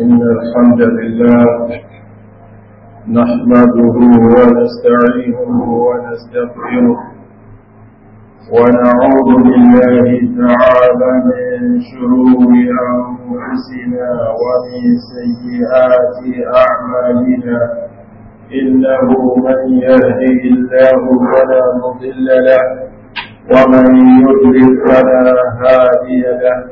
إن الحمد لله نحمده ونستعينه ونستغفره ونعوذ بالله تعالى من شرور أنفسنا ومن سيئات أعمالنا إنه من يهدي الله فلا مضل له ومن يضلل فلا هادي له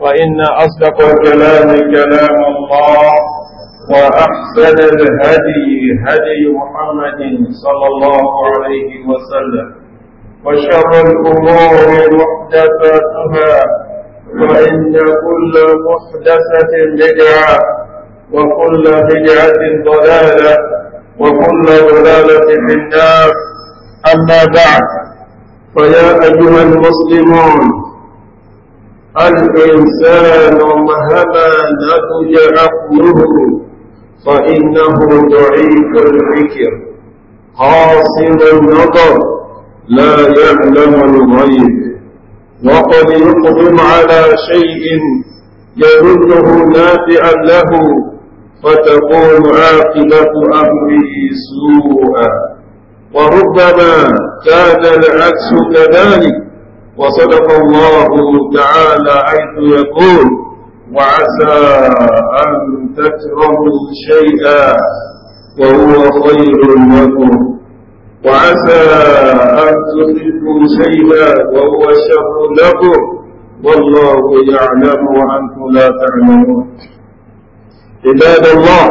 وإن أصدق الكلام كلام الله وأحسن الهدي هدي محمد صلى الله عليه وسلم وشر الأمور محدثاتها وإن كل محدثة بدعة وكل بدعة ضلالة وكل ضلالة في النار أما بعد فيا أيها المسلمون الإنسان مهما نضج عقله فإنه ضعيف الفكر قاصر النظر لا يعلم الغيب وقد يقدم على شيء يرده نافعا له فتكون عاقبة أمره سوءا وربما كان العكس كذلك وصدق الله تعالى حيث يقول وعسى أن تكرهوا شيئا وهو خير لكم وعسى أن تحبوا شيئا وهو شر لكم والله يعلم وأنتم لا تعلمون عباد الله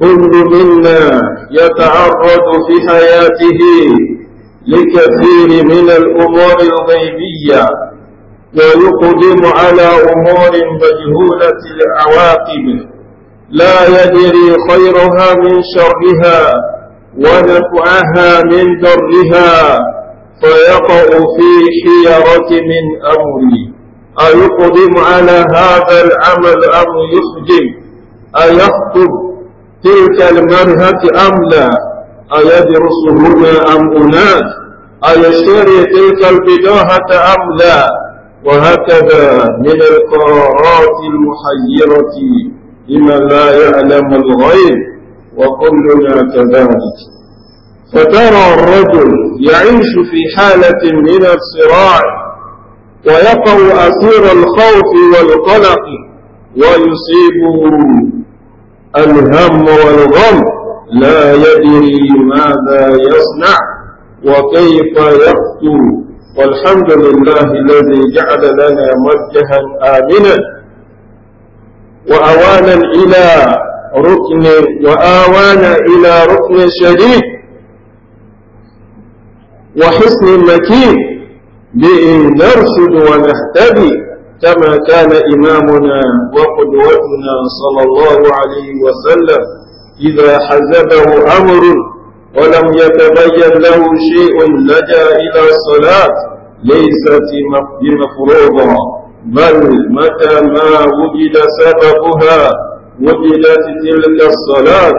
كل منا يتعرض في حياته لكثير من الأمور الغيبية ويقدم على أمور مجهولة العواقب لا يدري خيرها من شرها ونفعها من ضرها فيقع في حيرة من أمري أيقدم على هذا العمل أم يخدم أيخطب تلك المرهة أم لا أيدرسهن أم أناس أيشتري تلك البداهة أم لا وهكذا من القرارات المحيرة لمن لا يعلم الغيب وكلنا كذلك فترى الرجل يعيش في حالة من الصراع ويقع أسير الخوف والقلق ويصيبه الهم والغم لا يدري ماذا يصنع وكيف يقتل والحمد لله الذي جعل لنا موجها آمنا وأوانا إلى ركن وآوانا إلى ركن شديد وحسن مكين بإن نرشد ونهتدي كما كان إمامنا وقدوتنا صلى الله عليه وسلم إذا حزبه أمر ولم يتبين له شيء لجأ إلى الصلاة ليست بمفروضة بل متى ما وجد سببها وجدت تلك الصلاة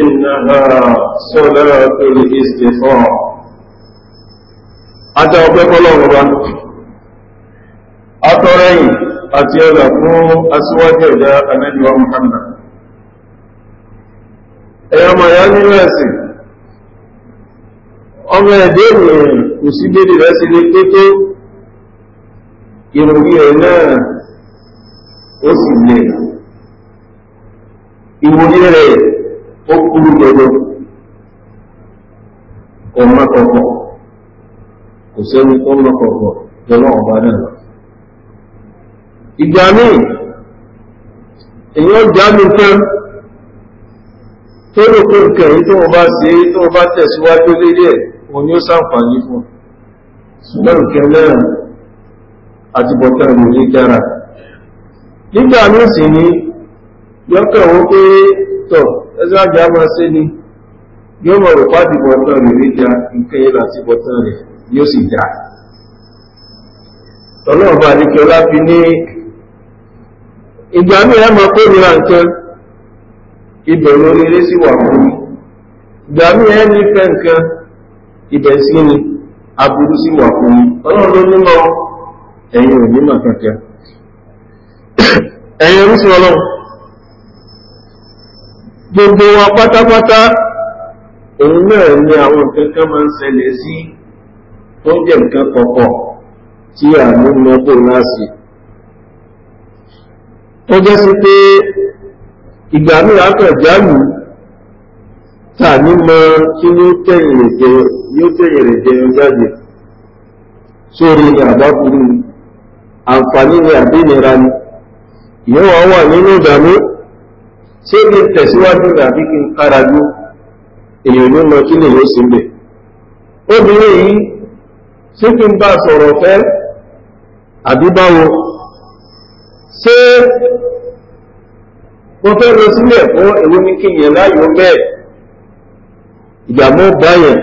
إنها صلاة الاستخارة ajá ọgbẹ́ fọ́lọ́run bá atọ́rẹ́yìn àti ọlà fún aṣíwájú ẹ̀dá anẹ́lúwà Muhammad ẹ̀yọ́ ma yọ nínú ẹ̀sìn ọmọ ẹ̀dẹ́ ènìyàn kò sí dédé rẹ̀ sí lé kétó ìròyìn ẹ̀ náà ó sì lè ìwòrí rẹ̀ ó kúrú gbogbo kò má kọ̀kọ̀ kò sẹ́ni tó má kọ̀kọ̀ pẹ̀lú ọ̀bá náà ìgbà míì èyí ó jáde tán tó rò pé nǹkan bá ṣe é tó bá tẹ̀síwájú lédè ẹ̀ òun ni ó sàǹfààní fún ṣùgbọ́n nǹkan àti bọ̀tán ìlú ní dára nígbà míì sì ni yọ́kàn wọn pé tọ̀ ẹzọ́ àjà máa ṣe ni yóò mọ̀ rò pàdé bọ̀tán rẹ̀ rí nǹkan yẹn láti bọ̀tán yóò sì dá ọlọ́ọ̀bá àdékẹ́lá fi ní ìgbà míì ẹ mọ̀ kórìíra nǹkan ibẹ̀ ló rere sí wà fún mi ìgbà mí ẹ ní fẹ́ nǹkan ibẹ̀ sí ni aburú sí wà fún mi ọlọ́run ló nímọ̀ ẹ̀yin ò nímọ̀ kankan ẹ̀yin orí sí ọlọ́run gbogbo wa pátápátá òun náà ni àwọn nǹkan kan máa ń ṣẹlẹ̀ sí tó jẹ́ nǹkan kọ̀ọ̀kọ̀ tí a ní ó jẹ́ sí ìgbà míì akẹ̀jálù tà ní mọ kí ní tẹ̀yìnrìn jẹun jáde sórí ni àbábúrú àǹfààní ni àbínira ni ìyẹ́wà wà nínú ìdàmú tí ó lè tẹ̀síwájú tàbí kí n kára èèyàn ní mọ kí yóò sí obìnrin yìí kí n bá sọ̀rọ̀ mo fẹ́ lọ sílẹ̀ fún èwo ní kí yẹn láyò bẹ́ẹ̀ ìdààmú báyẹn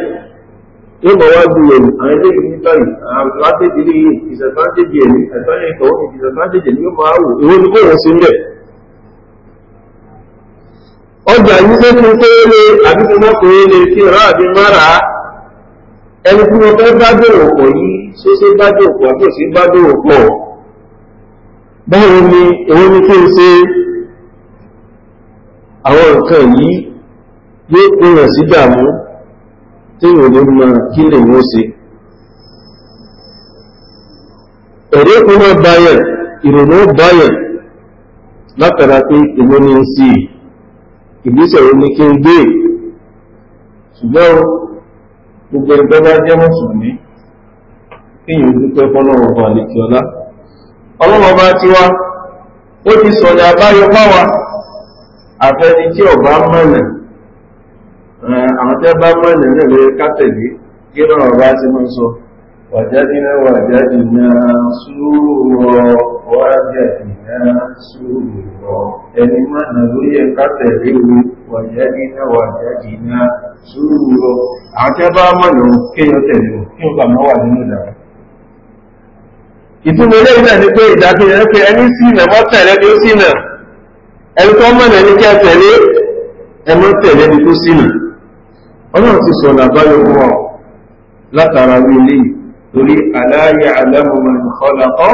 yóò mọ̀ wá ju ẹ̀rù àwọn eléyìí ní báyìí àwọn advantage ní disadvantage ẹ̀mí advantage ìtọ́wọ́ ní disadvantage ẹ̀mí yóò máa wò èwo ní kò wọ́n sí nílẹ̀. ọjà yìí ṣe fún kéré àbí fún mọ́kùnrin lè fi rà àbí mára ẹni tí mo fẹ́ bá dòwò pọ̀ yìí ṣé ṣe bá dòwò àbí òṣì bá dòwò báwo ni èwo ni kí n ṣe àwọn nǹkan yìí yóò pèèyàn sí dàmú tí yóò lè mọ kí lè wọ́n ṣe ẹ̀rí báyẹ̀ ìrònú báyẹ̀ látara pé ní ń sí ìgbésẹ̀ omi kí ń gbé ṣùgbọ́n gbogbo ẹgbẹ́ bá jẹ́ dúpẹ́ afẹ́ni tí ọba mọ̀nà àwọn tẹ́ bá mọ̀nà náà lè kátẹ̀lé kí náà ọba ti mọ́ sọ wàjádìíná wàjádìíná súúrọ̀ wàjádìíná súúrọ̀ ẹni mọ̀nà ló yẹ kátẹ̀lé wo àwọn tẹ́ bá mọ̀nà kéèyàn tẹ̀lé o kí wà nínú ìtumọ̀ ilé ni pé ìdájọ́ yẹn pé ẹni sí ìnà ó sí ìnà ẹni tó mọ̀nà ní kí a tẹ̀lé ẹmọ tẹ̀lé ní tó sínú ọlọ́run ti sọ̀nà àbáyọ fún ọ látara wílé torí aláyẹ alámọ̀mọ̀ ìkọlàkọ́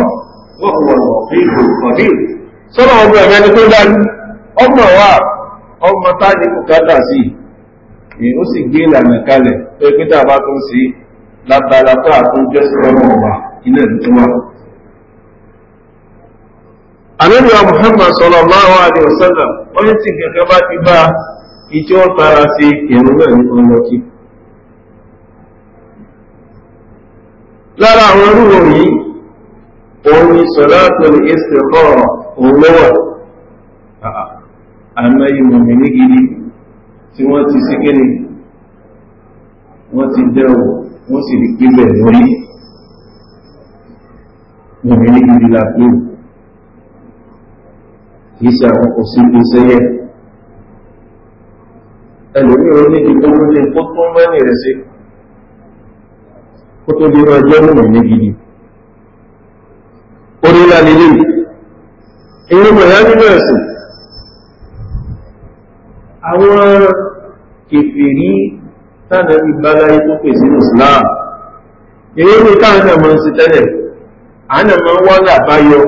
wọ́pọ̀lọpọ̀ ìlú kọ̀dí sọ́nà ọgbọ̀ ẹ̀mẹ́ ni tó dájú ọmọ wa ọmọ tá ní bùkátà sí i ó sì gbé ìlànà kalẹ̀ pé pété àbá tó ń sí látara pé àtúnjẹ́sí ọlọ́run ilé ìtumọ̀ àníbíwá Muhammad sallallahu alaihi wasallam wọ́n ti kẹ̀kẹ́ bá ti bá ìtí ó tara sí ìrun náà ní ọlọ́kí lára àwọn orúwò yìí òun ni salatul istikhara òun lọ́wọ́ àmọ́ ìmọ̀mí ní gidi tí wọ́n ti sí kíni wọ́n ti dẹ́wọ̀ wọ́n sì rí pípẹ̀ lórí ìmọ̀mí ní gidi làpín kìí ṣe àwọn kò sí kìí ṣe yẹ ẹlòmíì ó ní ìdíkó ló ní kó tó mẹ́rin rẹ̀ sí kó tó di ọjọ́ mọ̀ ní gidi orí ńlá nílé inú mọ̀lá nínú ẹ̀sìn àwọn kèfèrí tánàbí báláyé tó pèsè Islam èyí ní káàkiri àmọ́ sí tẹ́lẹ̀ àánàmọ́ wọ́n làbáyọ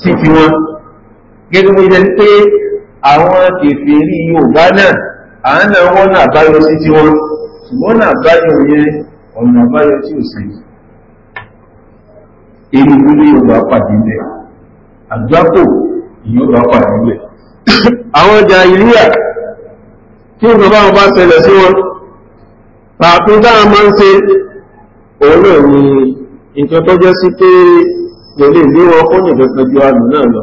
sí ti gẹ́gẹ́ bó jẹ́ pé àwọn kèfèrí Yorùbá náà àwọn náà wọ́n náà báyọ sí tí wọ́n ṣùgbọ́n náà báyọ yẹn ọ̀nà àbáyọ tí ò sí èrò ìlú Yorùbá pàdé bẹ̀ àgbákò Yorùbá pàdé bẹ̀ àwọn ọjà ìlúyà tí ó bàbá wọn bá ṣẹlẹ̀ sí wọn pàápín dáa máa ń ṣe òun náà ni ìjọ tó sí pé pẹ̀lú ìlú wọn ó nìkan náà lọ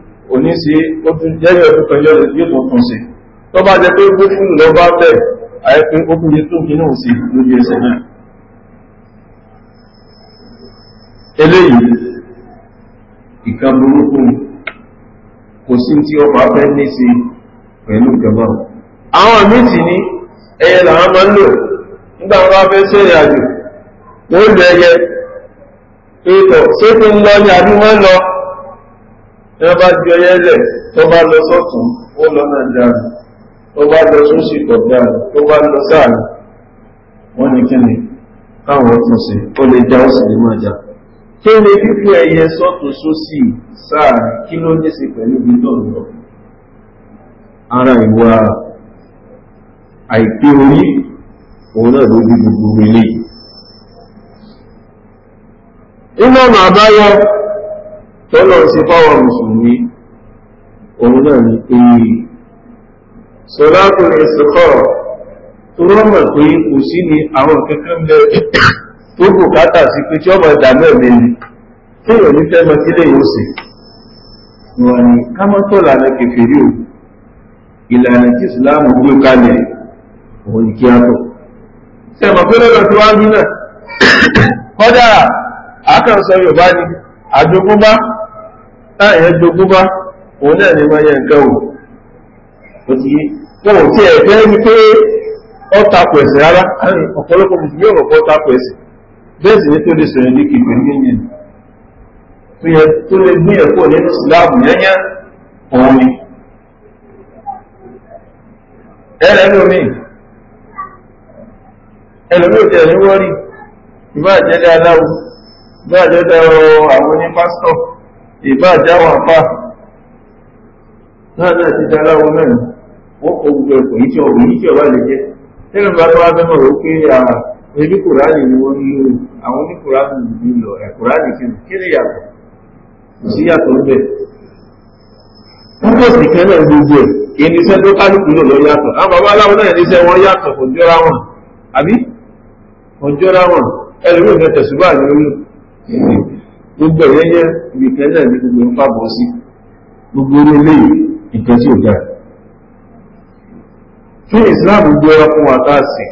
òní sí ó tún jẹ́rẹ̀ ọdún kan yọ́ yóò tó tún sí tó bá jẹ pé gbé fún lọ bá bẹ̀ àìpín ó kúrò tó kí náà sí lórí ẹsẹ̀ náà eléyìí ìkan burúkú kò sí tí ó bá fẹ́ ní sí pẹ̀lú ìjọba àwọn míì sì ní ẹyẹ làwọn máa ń lò nígbà wọn bá fẹ́ sẹ́rìn àjò wọ́n lọ ẹyẹ ètò ṣé kí ń lọ ní àbí wọ́n n'ọba bá ju ẹyẹ tọba tó bá lọ sọ́tún ó lọ náà tọba tó bá lọ sósì kọ̀ tó bá lọ sáà wọ́n ní kí ni káwọn sí ó lè já ó sì lè máa já kí ni fífi ẹyẹ sáà kí ló ní sí pẹ̀lú ibi náà ara ìwà àìpé orí òun náà ló bí gbogbo eléyìí. Iná màá bá tọ́lọ̀ ṣe fáwọn mùsùlùmí òun náà ní èyí sọ́látò ìsìnkọ́rọ̀ tó rọ́mọ̀ pé kò sí ní àwọn kẹ́kẹ́ mẹ́ tó kò kátà sí pé tí ọmọ ẹ̀dà mẹ́rin ni tí èèyàn ní fẹ́ mọ sílé yóò sì wọ́n ni ká mọ́ tó lànà kẹfìrí o ìlànà tí ìsìláàmù gbé kalẹ̀ òun ni kí á tọ̀ sẹ́mọ̀ pé lọ́dọ̀ tí wá ń bí náà kọ́dà àkànṣọ Yorùbá ni àjogúnbá táyẹ̀ jogún bá òun náà ni wọ́n yẹ nǹkan wò ó wọn ò tí ẹ fẹ́ rí pé ọ́ takò ẹ̀sìn rárá ọ̀pọ̀lọpọ̀ mùsùlùmí ọ̀rọ̀ kọ́ takò ẹ̀sìn bẹ́ẹ̀ sì ni tó lè sọ̀rọ̀ ní kìkì ní yẹn tó yẹ tó ìbá àjáwà àpá náà náà ti dáláwọ náà wọ́n kò gbogbo ẹ̀kọ́ yìí tí ọ̀rọ̀ yìí tí ọ̀rọ̀ lè jẹ́ tẹ́lẹ̀ bá tó wá fẹ́ rò pé ẹbí kùránì ni wọ́n lò àwọn oníkùránì ní lọ ẹ̀kùránì kí ni kí ni yàtọ̀ kò sí yàtọ̀ ń púpọ̀ sì kan náà gbogbo ẹ̀ kì í níṣẹ́ tó kálukú lò lọ yàtọ̀ àwọn bàbá aláwọ̀ náà níṣẹ́ wọn yàtọ̀ kò jọra wọn àbí kò jọra wọn ẹlòmíràn tẹ̀sùbà ni gbogbo ẹ̀yẹ́yẹ́ ìgbẹ̀kẹ́ náà ní gbogbo ń fàbọ̀ sí gbogbo orí ilé ìkan tí ó dá tí islam gbé ọkùn àtàsì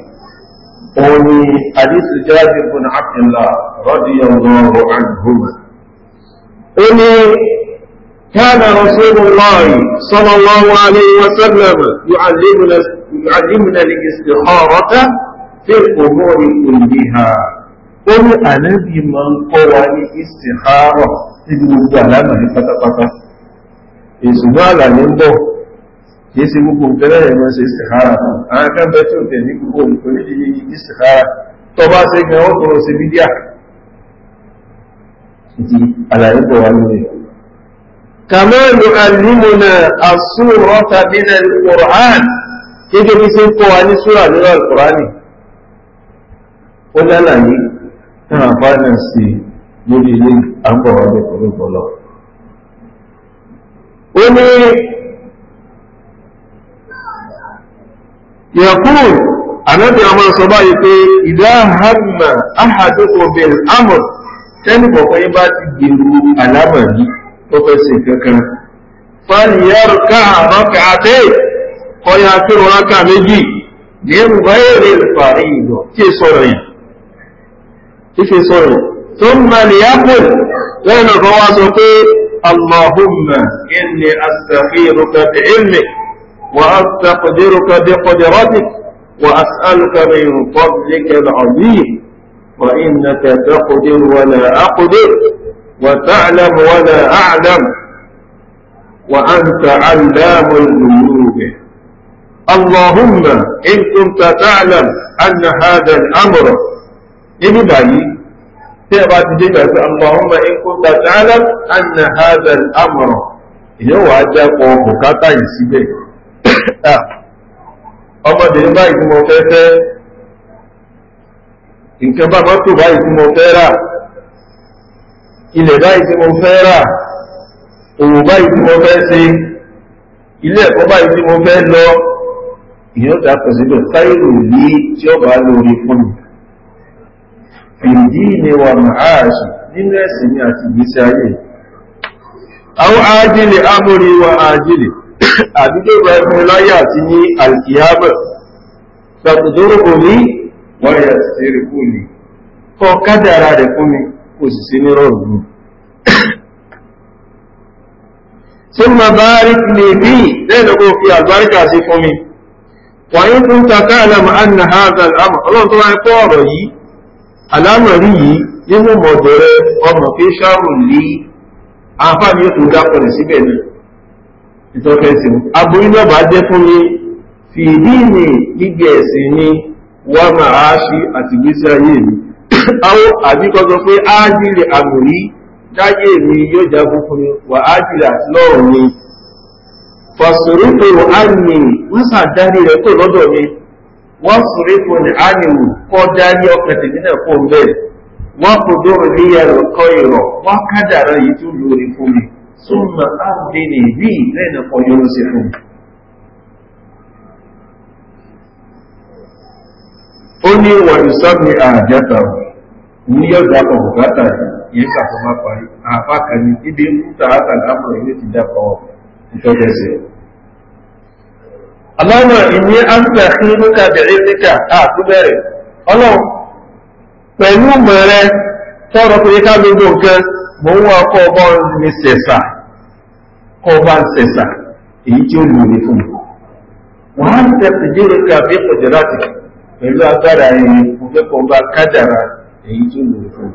òun ni àdísù jáde fún àkìlá radiyallahu anhuma ó ní كان رسول الله صلى الله عليه وسلم يعلمنا يعلمنا الاستخارة في الأمور كلها ó ní ànábì máa ń kọ́ wa ní ìsìnkárọ̀ níbi gbogbo àlámà ní pátápátá ìṣùgbọ́n àlàyé ń bọ̀ kìí sí gbogbo ìtẹ́lẹ̀yẹ̀ máa ṣe ìsìnkárà àwọn akẹ́bẹ̀ẹ́ tí ó tẹ̀ ní gbogbo nǹkan ní ìsìnkárà tó bá ṣe gan ó tọrọ sí bídíà ti àlàyé bọ̀ wá lórí kàmọ́ ìlú àlímọ̀nà nílẹ̀ Qur'an kéjọ́ bí ṣe ń kọ́ wa ní súrà nínú al ó lálàyé nínú àǹfààní sí níbi ilé àbọ̀wádé pẹ̀lú ìbọ̀lọ́. ó ní yẹ̀kúrò ànábì ọmọ sọ báyìí pé ìdáhàmà áhàdókò bẹ̀rẹ̀ àmọ̀ tẹ́nì kọ̀ọ̀kan yín bá ti gbèrú àlámà yìí tó fẹ́ ṣe kankan. fàlìyàrù káà rọ́kà àtẹ́ kọ́yà kírun rákà méjì ní ẹ̀rù báyẹ̀ rẹ̀ fàáyì lọ kí sọ̀rọ̀ yìí ثم sọ̀rọ̀ tó mọ̀ اللهم إني أستخيرك بعلمك وأستقدرك بقدرتك وأسألك من فضلك العظيم وإنك تقدر ولا أقدر وتعلم ولا أعلم وأنت علام الغيوب اللهم إن كنت تعلم أن هذا الأمر níbi báyìí tí ẹ bá ti dé ìgbà pé Allahumma in kunta ta'lam anna hadha al-amra èyàn wàá jápọ̀ bùkátà yìí síbẹ̀ ah, ọmọdé báyìí tí mo fẹ́ fẹ́ nǹkan bá mọ́tò báyìí tí mo fẹ́ rà ilẹ̀ báyìí tí mo fẹ́ rà òwò báyìí tí mo fẹ́ ṣe ilé ẹ̀kọ́ báyìí tí mo fẹ́ lọ ìyàn dàpọ̀ síbẹ̀ sáyẹ̀rò ní tí ó lórí fún mi fìdí ni wà máàṣì nínú ẹ̀sìn ní àti ìgbésí ayé àwọn ájílè ámúrí wa ájílè àdúgbò bá ẹkùn láyé àti ní alkiyama ṣàtòdóró omi wọ́n yà sí rí fún mi kọ́ kádàrà rẹ̀ fún mi kò sì sí ní rọrùn ثم بارك لي فيه لأنه في البركة سيكمي وإن كنت تعلم أن هذا الأمر الله تعالى قال alámọ̀rí yìí nínú mọ̀bẹ̀rẹ̀ ọmọ fi ṣáàrùn lé àfáàní ètò dápọ̀lẹ̀ síbẹ̀ náà ìtọ́fẹ́sìn aboyínlọ́bà jẹ́ fún mi fi ìdí ìní níbi ẹ̀sìn ni wà máa ṣí àti gbésí ayé mi áwọ́ àbíkọ́sọ pé ájílẹ̀ àmòrí dáyé mi yóò jagun fún mi wà ájílẹ̀ àti lọ́rùn mi fàṣòrí pé wọ́n á ní wọ́n sàdárí rẹ̀ pé lọ́dọ̀ mi wọ́n sùúrí fún ní ánìwò kọ́ dárí ọkàn tèmi náà fún bẹ́ẹ̀ wọ́n kò dóòrò ní ẹ̀rọ kọ́ ìrọ̀ wọ́n kádàrá yìí tó lórí fún mi súnmọ́ áàdé ní ìbí lẹ́nà kan yóò sí fún mi. ó ní wọ̀n ìsọ́mi àjẹta ní yóò dápọ̀ bùkátà yìí kàfọ́ má parí àbákan ní ibi ń kúta àtàlámọ̀ ilé ti dápọ̀ ìtọ́jẹsẹ̀. ọlọ́run ìní àǹtà kí lókà bẹ̀rẹ̀ níkà àkúbẹ̀rẹ̀ ọlọ́run pẹ̀lú mẹ́rẹ tọ́rọ pé ká gbogbo nǹkan mò ń wá ọkọ̀ ọba ní sẹ̀sà ọba ń sẹ̀sà èyí tí ó lù mí fún wọn á ń tẹ̀sí dérò ká bí pọ̀jọ́ láti pẹ̀lú agbára ẹ̀yìn mo fẹ́ kọ́ ọba èyí tí ó lù mí fún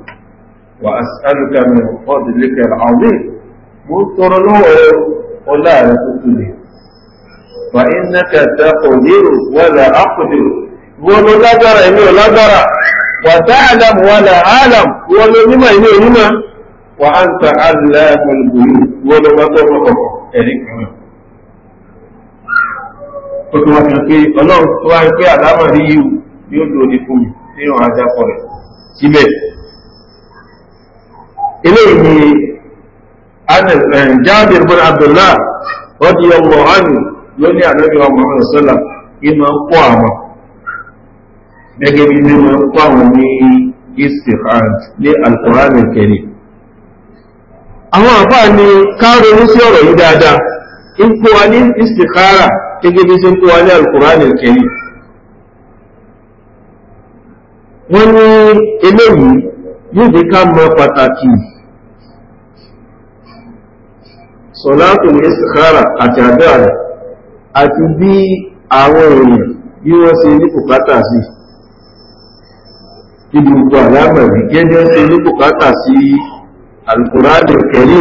àwọn mo tọrọ فإنك تقدر ولا أقدر ولو لدر إنه لدر وتعلم ولا أعلم ولو لما إنه لما وأنت علام الغيوب ولو ما تفهم ó ti wá fi pé ọlọ́run tó wá na àdámọ̀ rí yíò yóò lò ló ní àdọ́jọ́ ọmọ ọmọ sọ́là ìmọ̀ ń kọ́ àwọn gẹ́gẹ́ bí mímọ̀ ń kọ́ àwọn ní istihad ní alkùránì kẹrì àwọn àfá ni káàrò ní sí ọ̀rọ̀ yìí dáadáa ń kó wa ní istihara gẹ́gẹ́ bí sí ń kó wa ní alkùránì kẹrì wọ́n ní eléyìí yóò jẹ́ ká mọ̀ pàtàkì sọ̀látùn istihara àti àdúrà rẹ̀ àti bí àwọn èèyàn bí wọ́n ṣe ní bùkátà sí níbi gbogbo àlámọ̀rí gẹ́gẹ́ ṣe ní bùkátà sí alukùránì kẹrí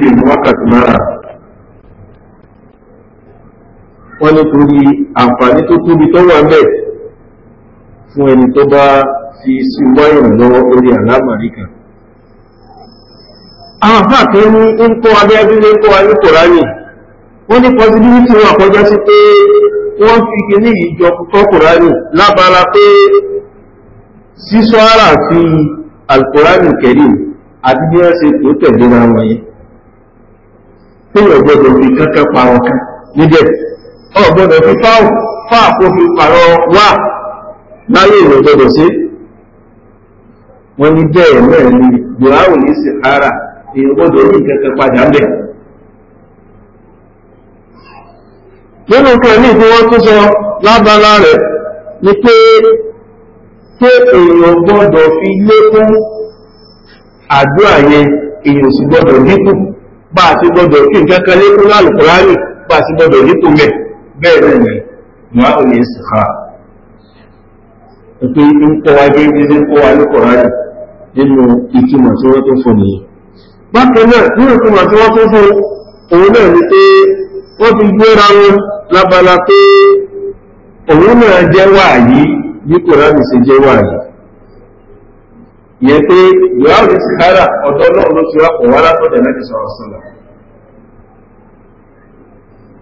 níbi wákàtí mara wọ́n nítorí àǹfààní tó tóbi tó wà mẹ́ fún ẹni tó bá fi sí wáyàn lọ́wọ́ lórí àlámọ̀rí kan àwọn àfáà ń kọ́ abẹ́ abílé ń kọ́ ayé kòránì wọ́n ní possibility wọn àkọjọ́ sí pé wọ́n fi kíní ìjọ kọkùránì lábára pé sísọ ara fi alkùránì kẹrìm àti bí wọ́n ṣe tó tẹ̀lé ra wọn yẹn pé ọ̀gbọ́dọ̀ fi kankan parọ́ kan níbẹ̀ ọ̀gbọ́dọ̀ fi fáwọ̀ fi parọ́ wà láyé ìwọ̀n gbọ́dọ̀ sí wọ́n ní bẹ́ẹ̀ náà ni bùháwù ní sìkára èèyàn gbọ́dọ̀ ní padà bẹ́ẹ̀ nínú kẹ̀lú tí wọ́n tún sọ lábala rẹ̀ ni pé pé èèyàn gbọ́dọ̀ fi lékún àdúrà yẹn èèyàn sì gbọ́dọ̀ dínkù bá a ti gbọ́dọ̀ kí nǹkan kan lékún lálùkùránì bá a ti gbọ́dọ̀ dínkù mẹ́ bẹ́ẹ̀ náà ni wọ́n á lè sàkà pé ń kọ́ wa gé wa lùkùránì nínú ìtumọ̀ tí wọ́n tún fún ni bákan náà nínú ìtumọ̀ tí wọ́n tún fún òun náà ni pé wọ́n lábala pé òun náà jẹ́ wáyí bí kòránì ṣe jẹ́ wáyí ìyẹn pé yóò rí sìkára ọ̀dọ́ náà ló ti rápọ̀ wá látọ̀dẹ̀ láti sọ̀rọ̀ sọ̀rọ̀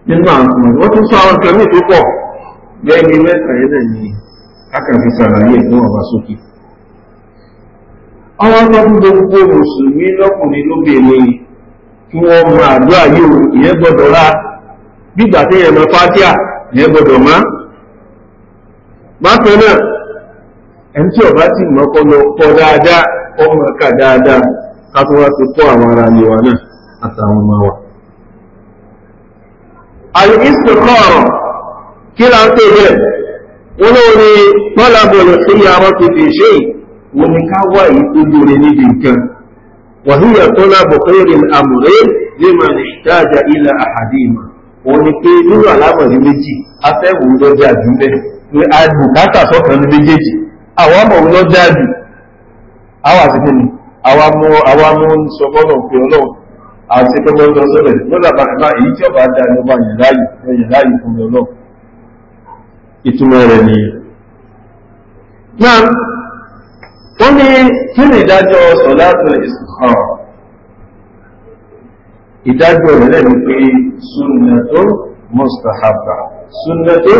nínú àwọn wọ́n tún sọ àwọn kẹmí tó pọ̀ lẹ́ni mẹ́ta yẹn náà ni akàfi sàlàyé ọba sókè gbogbo mùsùlùmí lọ́kùnrin lóbìnrin kí wọ́n máa dúà yóò ìyẹn gbọ́dọ̀ gbígbà tí yẹn mọ fátíà yẹn gbọdọ̀ má bákan náà ẹni tí ọba ti mọ kọ lọ kọ dáadáa ọmọ ká dáadáa ká tó wá ti kọ àwọn ara ni wa náà àtàwọn ọmọ wa. àlè ìsìnkọ́ọ̀rọ̀ kí là ń pè bẹ́ẹ̀ wọ́n ló ní pọ́lábọ̀lù sí àwọn tó fi ṣe wọ́n ní ká wá yìí tó lóore níbi nǹkan wàhíyà tó lábọ̀ kéré àmùrẹ́ lè máa ní ìdájà ilẹ̀ àhàdìmọ̀ òun ni pé nínú àlámọ̀rí méjì afẹ́wò lọ́jà jù ń bẹ́ pé a sọ́kàn ní méjèèjì àwọn ọmọ òun lọ́jà jù àwọn àsìkò ni àwọn amú sọgbọ́nà pé ọlọ́run àti pé mọ́ lọ́sọ̀ rẹ̀ lọ́dà bàkàtà èyí tí ọba dá ní ọba yẹn láàyè ẹ̀yẹ̀ láàyè fún mi ọlọ́run ìtumọ̀ rẹ̀ ni. náà wọ́n ní kí ni ìdájọ́ sọ̀lá ìdájọ́ rẹ̀ lẹ́nu pé súnnàtó mustahaba súnnàtó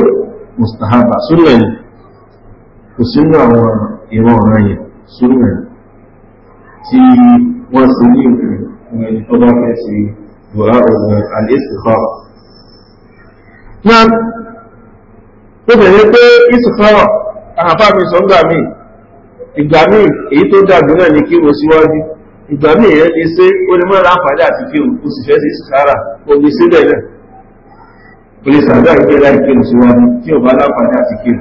mustahaba súnnàní kò sínú àwọn ìran ọ̀ràn yẹn súnnàní tí wọ́n sì ní ìrìn ìrìn tó bá fẹ́ sí dùrá àlẹ́sìkọ́ náà tó pé ìsìkọ́ àhàfà mi sọ́ngbà mi ìgbà mi èyí tó dàbí náà ní kí wọ́n síwájú ìgbà míì yẹn ní ṣé ó lè mọ́ra àǹfààní àti kí o sì fẹ́ sí sàárà o ní síbẹ̀ náà o lè sàárà ìgbé láì kí o sì wá kí o bá láǹfààní àti kí o.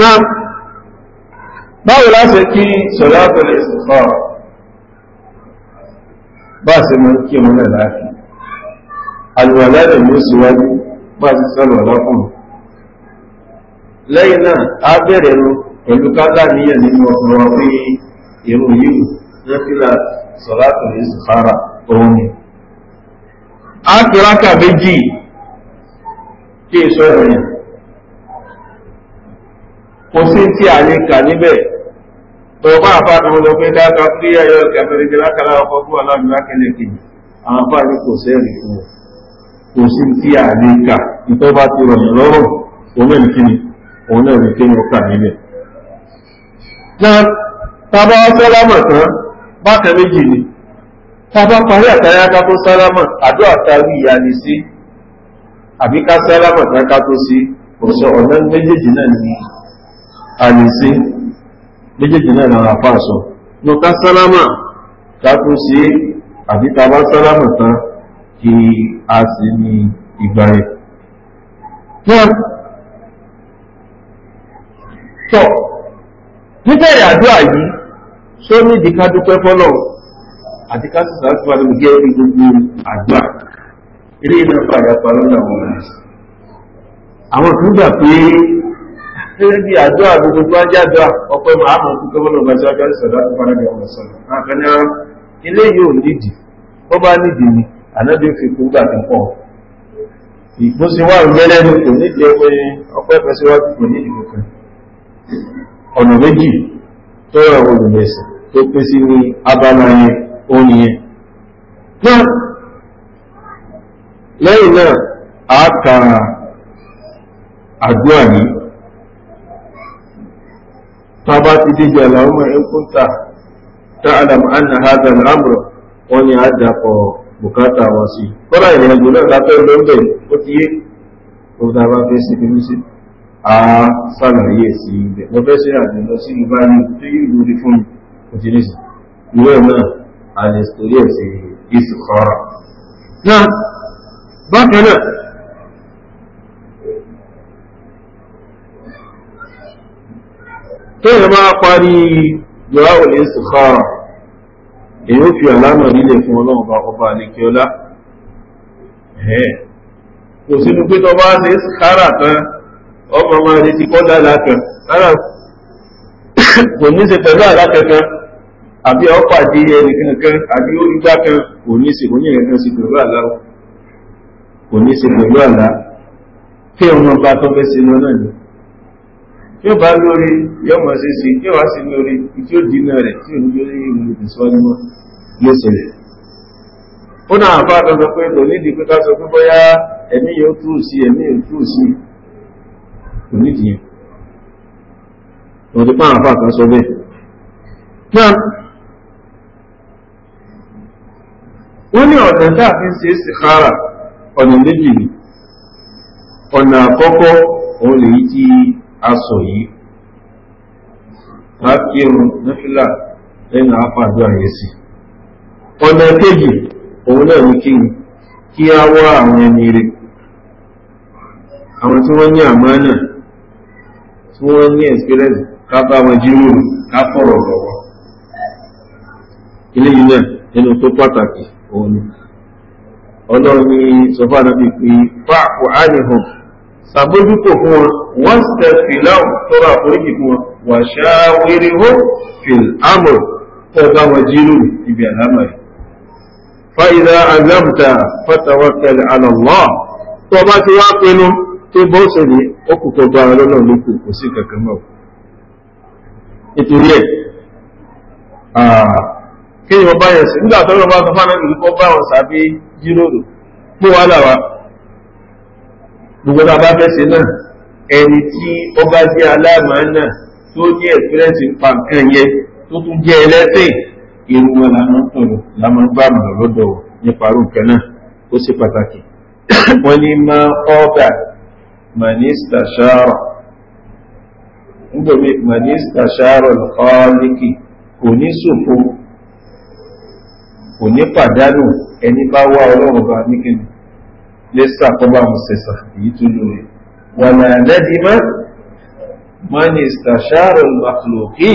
náà báwo láti kí sọ̀rọ̀ àbẹ̀lẹ̀ ìsìnkọ́ bá a ṣe mọ kí ọmọ náà láàfin àlùwàlá rẹ̀ ló síwájú bá a ṣe sọ̀rọ̀ lọ́kùnrin lẹ́yìn náà á bẹ̀rẹ̀ nu pẹ̀lú kádà níyàn nínú ọkùnrin pé irun yìí nọ́fílà sọ̀látò ní sùfárà òun ni. a ti rákà méjì kí èso ìròyìn kò sí tí a lè kà níbẹ̀ tó bá àfáàdà wọn lọ pé dáka pé ayọ́ kẹfẹ́rẹ́gẹ́ lákàrà ọkọ̀ fún aláàbíwá kẹlẹ̀ kejì àwọn àfáàdà kò sẹ́rì fún wọn kò sí tí a lè kà ìtọ́ bá ti rọ̀yìn lọ́rùn òun náà ní kíni òun náà ní kíni ó níbẹ̀ náà tàbá sálámà tán bákan méjì ni tàbá parí àtàyáká tó sálámà àdó àtàrí ìyá sí àbí ká sálámà tán ká tó sí ọ̀sọ̀ ọ̀nà méjèèjì náà ni a sí sálámà ká tó sí sálámà tán kí a sì ní ìgbà yẹn. tọ́ níbẹ̀rẹ̀ àdúrà yìí ṣó ní ìdíká dúpẹ́ fọ́lọ̀ àti ká sísà tó wà lóògé ní gbogbo àdúrà eré iná padà pa lọ́nà àwọn ọ̀rẹ́ àwọn tó gbà pé gẹ́gẹ́ bí àdúrà gbogbo tó wájá àdúrà ọpẹ́ máa mọ̀ fún tọ́wọ́lọ̀ bá ṣáájú àṣìṣàdá tó padà bẹ̀rẹ̀ ọ̀rọ̀ sọ̀rọ̀ àkànná ilé yóò nídìí wọ́n bá nídìí ni ànábì fi kú gbà tó pọ̀ ìgbóṣe wà ń gbẹ́lẹ́ ní kò nídìí ọpẹ́ ọpẹ́ fẹsíwájú kò nídìí kankan ọ̀nà méjì tó rọrùn olùgbẹ̀sì tó pín sí ní abala yẹn ó nìyẹn náà lẹ́yìn náà a ka àdúrà yìí tábà ti díje àlàó in kunta ta'lam anna hadha al-amr wọ́n ni a dàpọ̀ bùkátà wọn sí kọ́lá ìrìnàjò náà látọ́ lóńbẹ̀ ó ti yé òun tàbá fẹ́ sí sí a sàlàyé ẹ̀sì ibẹ̀ wọ́n fẹ́ sí àjẹ́ lọ sí ìbá ní tó yìí lórí fún òjìlísì ìwé náà a lè sọ̀rí ẹ̀sì ìsìkọ́ra náà bákan náà tó yẹ máa parí dùrá olè ìsìkọ́ra èyí ó fi àlámà nílẹ̀ fún ọlọ́run bá ọba àlekẹ́ọlá kò sínú pé tọba ṣe ìsìkọ́ra tán ọmọ ọmọ rẹ̀ ti kọ́ dá lákàn kò ní ṣe pẹ̀lú àlákẹ́kẹ́ àbí ọ̀pá di ẹnìkankan àbí orígbá kan kò ní kò ní ẹ̀kan sí pẹ̀lú àlá kò ní ṣe pẹ̀lú àlá kí ọmọ bá tó fẹ́ sí náà ni lórí sí sí sí lórí ó dínà tí yóò ìwé ó náà sọ pé kò nídìí pé ká sọ pé bóyá yóò túù sí yóò túù sí kò nídìí yẹn òdì pàrọ̀ kan sọ bẹ́ẹ̀ náà wọ́n ní ọ̀nà a fi ń ṣe sìkára ọ̀nà méjì ni ọ̀nà àkọ́kọ́ òun yí tí a sọ yìí a kí irun nífìlà lẹ́nu àfàdó àyẹ̀sì ọ̀nà kejì òun náà ní kí kí a wá àwọn tí wọ́n ní experience ká bá wọn jíròrò ká fọ̀rọ̀ lọ́wọ́ ilé yìí náà nínú tó pàtàkì òun ni ọlọ́run ní sọfá náà bí pé fáàkù ánìhàn sàbójútó fún wọn wọ́n ṣe fìláwù tọrọ àforíjì fún wọn wà ṣáwéré hó fìl ámọ̀ tó bá wọn jíròrò ibi àlámà yìí fáìlà àzámta fátawákẹ́lẹ̀ àlọ́lọ́ tó bá ti wá pinnu tó bọ́ sẹ̀rí ọkù tó bá lọ́nà lókù kò sí kankan mọ́ nítorí ẹ̀ kí wọ́n bá yẹn sí nígbà tó lọ́wọ́ tó fánà ìlú kọ́ bá wọn sàbí jíròrò pé wà láwa gbogbo náà bá fẹ́ sí náà ẹni tí ó bá jẹ́ aláàmà náà tó ní ẹ̀fẹ́rẹ́sì pa nǹkan yẹn tó tún jẹ́ ẹlẹ́sìn irú wọn làmọ́ tọ̀rọ̀ làmọ́ gbà mọ̀ lọ́dọ̀ nípa rúkẹ náà ó ṣe pàtàkì wọ́n ní máa ọ́bà manistashara nítorí manistashara lọ́ọ́líkì kò ní ṣòfò kò ní pàdánù ẹni bá wá ọlọ́run bá nígbìn lẹ́sà tó bá mú sẹ̀sà èyí tó lórí wà náà lẹ́dìmọ́ manistashara lọ́ọ́líkì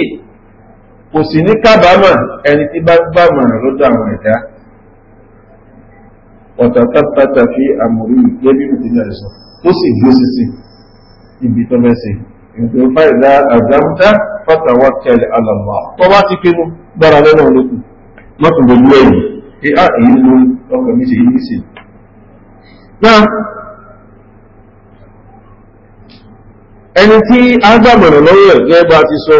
kò sì ní kábàámà ẹni tí bá gbàmà lọ́dọ̀ àwọn ẹ̀dá ọ̀tàtàtàtà fi àmúrí lẹ́bí ìpínlẹ̀ ìsọ̀rọ̀ ó sì dúró sísìn ibi tó mẹ́sìn ìgbìmọ̀ fáìdá àdámúdá fàtàwà kẹlẹ̀ alàmà tó bá ti pinnu gbára lẹ́nà olókù mọ́tò gbogbo ẹ̀yìn pé á èyí ló ọkọ̀ mi ṣe yí sí náà ẹni tí a gbàgbọ̀nà lọ́wọ́ ẹ̀ gẹ́gẹ́ bá ti sọ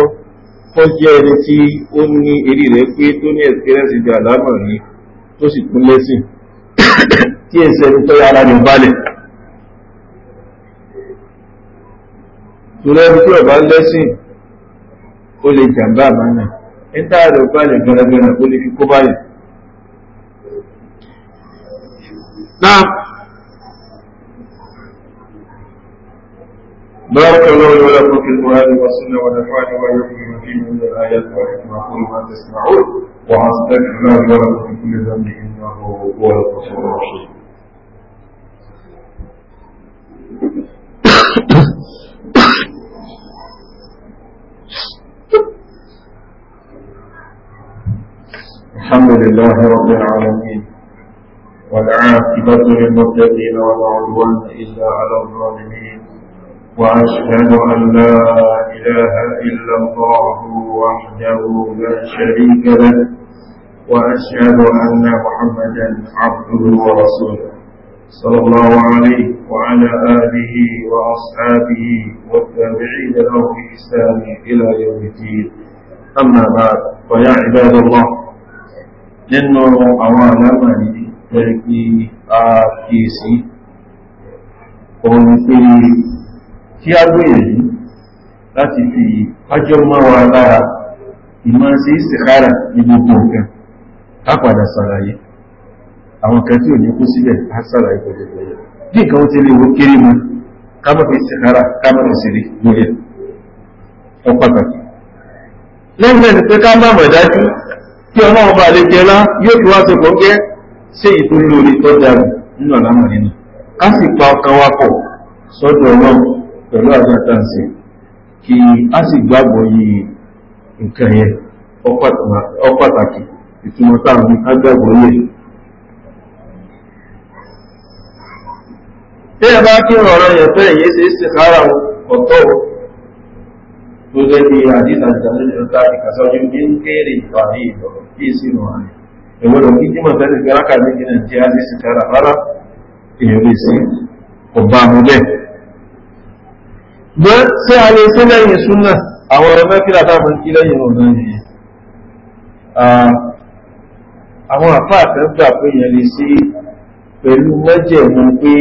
kọ́ jẹ́ ẹni tí ó ní eré rẹ̀ pé tó ní ẹ̀sìkẹ́rẹ́sì di àlámọ̀ ní tó sì kún lẹ́sìn kí ẹ̀sẹ̀ ẹni tó yára ní balẹ̀ torí ẹni tí ọba lẹ́sìn ó lè jàǹbá àmánà níta rẹ̀ ọba lè gbẹ̀rẹ̀gbẹ̀rẹ̀ ó lè fi kó báyìí. náà بارك الله لي ولكم في القرآن والسنة ونفعني وإياكم فيه من الآيات والحكمة ما تسمعون وأستغفر الله ولكم في كل ذنب إنه هو الغفور الرشيد الحمد لله رب العالمين والعاقبة للمتقين ولا عدوان إلا على الظالمين وأشهد أن لا إله إلا الله وحده لا شريك له وأشهد أن محمدا عبده ورسوله صلى الله عليه وعلى آله وأصحابه والتابعين له بإحسان إلى يوم الدين أما بعد فيا عباد الله لأنه أوان من تركي آكيسي ومن kí a gbìyànjú láti fi ọjọ́ mọ́wà lára ìmọ̀ sí ìsìkára ní gbogbo sàlàyé àwọn kan tí ò ní kú síbẹ̀ á sára ipò tó péye bí nǹkan ó ti lè wo kéré mọ kábọ̀fẹ́ sahara kábọ̀fẹ́ sílé lórí ẹ̀ ọ pàtàkì lẹ́yìn náà ni pé ká má mọ̀ dájú kí ọlọ́run bá lè jẹlá yóò fi wá sí gbọ́ngẹ́ sí ètò lórí tó dára nínú àlámà nínú ká sì pa ọkàn wa pọ̀ sọ́dọ̀ ọlọ́run pẹ̀lú àjọ àtàǹsì kí a sì gbàgbọ́ yìí nǹkan yẹn ọ pàtàkì ìtumọ̀ táwọn agbàgbọ́ yìí tí ẹ bá kí ọ̀rọ̀ yẹ̀ fẹ́ èyí sí istikhara ọ̀tọ̀ tó jẹ́ bí àdíta ìjàmílẹ̀ tàbí kàṣọ́ yóò ní kéré ìpàdé ìdọ̀rọ̀ kí sínú ààrẹ ìwọ̀dọ̀ kí jímọ̀ fẹ́ sí rákà méjì náà tí a sì sí kára rárá èyí lè sí ọba àmúlẹ̀ gbọ́n sí a lè sí lẹ́yìn súnà àwọn ọmọ mẹ́fìlà tá a kí lẹ́yìn ọ̀nà yìí àwọn àfáà kan gbà pé yẹn lè sí pẹ̀lú mẹ́jẹ̀mú pé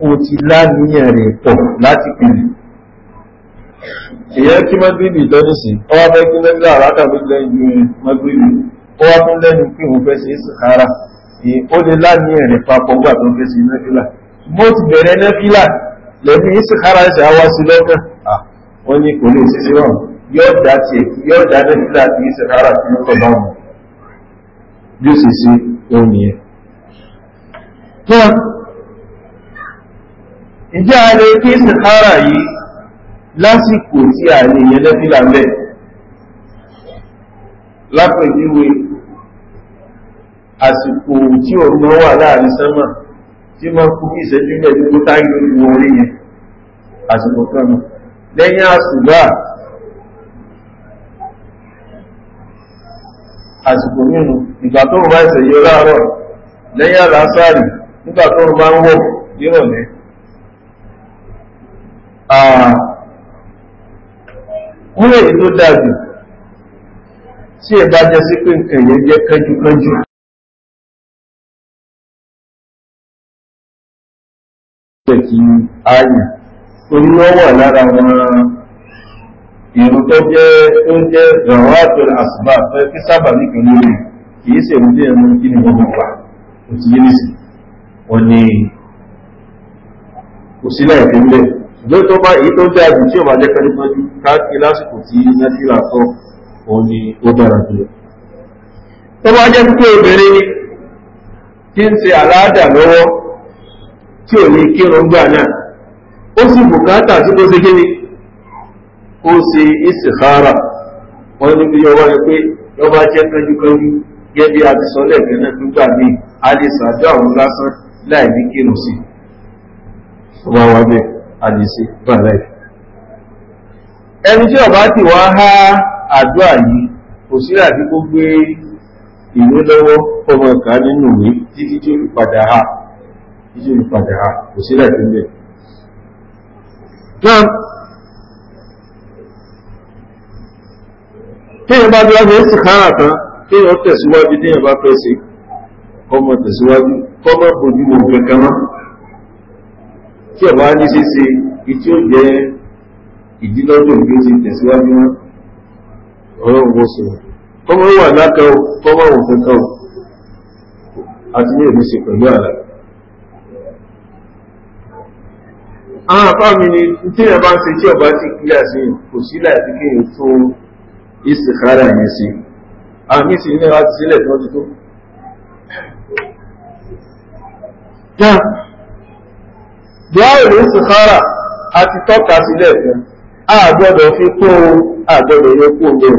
kò ti láníyàn rẹ̀ pọ̀ láti pèlè èyàn kí mọ́gbìbì lọ́nìsìn ó wá fẹ́ kí mẹ́gbìlá àrákà ló lẹ́yìn ju mọ́gbìbì ó wá fún lẹ́nu pé òun fẹ́ ṣe é sàárà ó lè láníyàn rẹ̀ papọ̀ gbà tó ń fẹ́ ṣe nẹ́fìlà mo ti bẹ̀rẹ̀ nẹ́fìlà lẹ́ni ìsìkára ẹ̀ṣẹ̀ àwa sí lọ́kàn ó ní kò lè ṣe sí yóò dá tiẹ̀ yóò dá nẹ́fìlà àti ìsìkára tí ó kọ̀ báwọn bí ó ṣe ṣe òun nìyẹn ìjẹ́ a lè kí sàkárà yìí lásìkò tí a lè yẹ lẹ́fílà mẹ́ lápẹ̀júwe àsìkò tí ọ̀rọ̀ wà láàrin sánmà tí ma kú kí ìṣẹ́jú mẹ́jú tó táyé lórí wọn orí yẹn àsìkò kan lẹ́yìn àsùgbà àsìkò nínú ìgbà tó rùn bá ìṣẹ̀yẹ láàárọ̀ lẹ́yìn àlásàrì nígbà tó rùn bá ń wọ̀ nírọ̀lẹ́ Ah. nínú èyí tó dájú tí ẹ bá jẹ́ sí pé nǹkan yẹn jẹ́ kánjúkánjú kí torí wọ́n wà lára wọn tó jẹ́ tó jẹ́ kí sábà ní kan lórí ẹnu kí ni wọ́n mọ̀ pa òtí yé nìsí wọ́n ló tó bá èyí tó dáàbì tí ọba jẹ́ pẹ́lú pẹ́lú káàkiri lásìkò tí nẹ́fílà tọ́ òun ni ó dára jùlọ tó bá jẹ́ pípé obìnrin tí ń ṣe àláàdà lọ́wọ́ tí ò ní kírun gbà náà ó sì bùkátà tí kó ṣe kíni ó ṣe ìsìkára wọ́n ní bí ọwọ́ pé lọ́ba jẹ́ kánjúkánjú gẹ́gẹ́ a ti sọ lẹ́ẹ̀kan nígbà míì a lè ṣàdúrà òun lásán láì ní kírun sí ọba wa bẹ́ẹ̀ àdìsí pẹ̀lẹ̀ ẹni tí ọba ti wá há àdúrà yìí kò sí àti kó gbé ìwé lọ́wọ́ ọmọ ẹ̀ka nínú ìwé títí padà ha títí ó rí padà ha kò sí ń bẹ̀ bá gbọ́dọ̀ ní sìkára kan tí tẹ̀síwájú tí bá fẹ́ sí kọ́mọ tẹ̀síwájú tí ọ̀wá ní ṣíṣe ìtí ó jẹ́ ìdílọ́dún bí ó ti tẹ̀síwájú wọn ọ̀rọ̀ ògbó sí wọn kọ́mọ wà lákẹ́ o kọ́mọ òun kankan o àti ní èmi ṣe pẹ̀lú àlà àwọn àpá mi ni tí èèyàn bá ń ṣe tí ọba ti kílẹ̀ sí kò sí láti kéèyàn tó ìsìkára yẹn sí àmì sì ní láti sílẹ̀ tó ti tó dùá ìlú sùkárà àti tọ́ka sílẹ̀ fún àgbọ́dọ̀ fi kún un àgbọ́dọ̀ yẹ kú lóhùn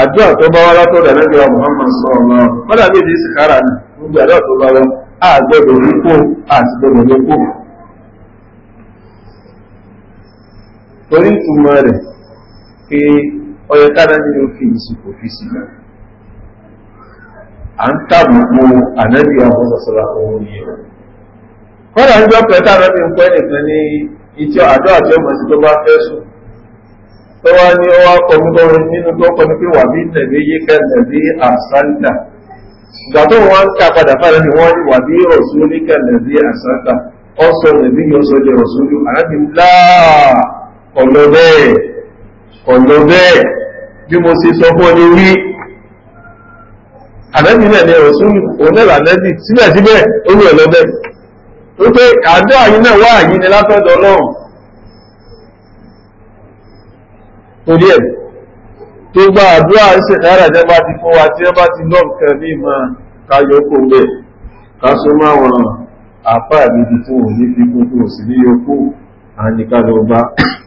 àdúrà tó bá wá látọ̀dọ̀ ẹlẹ́gbẹ̀ẹ́ Muhammad sọ̀rọ̀ náà mọ́dà bíi ìdí sùkárà ni gbogbo àdúrà tó bá wá àgbọ́dọ̀ yẹ kú àti gbọ́dọ̀ yẹ kú torí ìtumọ̀ rẹ̀ pé ọyọ tára nínú fi ìsìnkú fi sílẹ̀ à ń tàbùkù ànábì ọ̀hún sọ̀sọ̀rọ̀ òun ni o. kọ́dà ń jọ pẹ̀lú ànábì ado pẹ́ nìkan ní ìtì àjọ àti ọmọ sí tó bá fẹ́ sùn. tó wá ní ọwọ́ akọni lọ́rùn nínú tó kọni pé wà bí tẹ̀lé yíká tẹ̀lé àṣáńtà. ìgbà tó wọn ń kà padà fáwọn ni wọ́n ní wà bí rọ̀súlì ká tẹ̀lé àṣáńtà ọ̀sọ̀ tẹ̀lé yóò sọ jẹ rọ̀súlù ànábì ńlá ọ̀lọ́ bẹ́ẹ̀ ọ̀lọ́ bẹ́ẹ̀ bí mo ṣe sọ fún ọ ní àbẹ́bí náà ni ọ̀sùn onẹ́là nẹ́bí síbẹ̀síbẹ̀ olú ẹ̀lọ́bẹ̀ ó pé àdó àyí náà wà yí ni látọ̀dọ̀ náà torí ẹ̀ tó gba àdúrà ṣe dára jẹ́ bá ti fún wa tí ẹ bá ti lọ́ nǹkan ní ìmọ̀ káyọ̀ kó bẹ̀ ká só máa wọn àpá àbíbi tí wọn ní fi kún kún sí ní yòókù àníkàlọ́ bá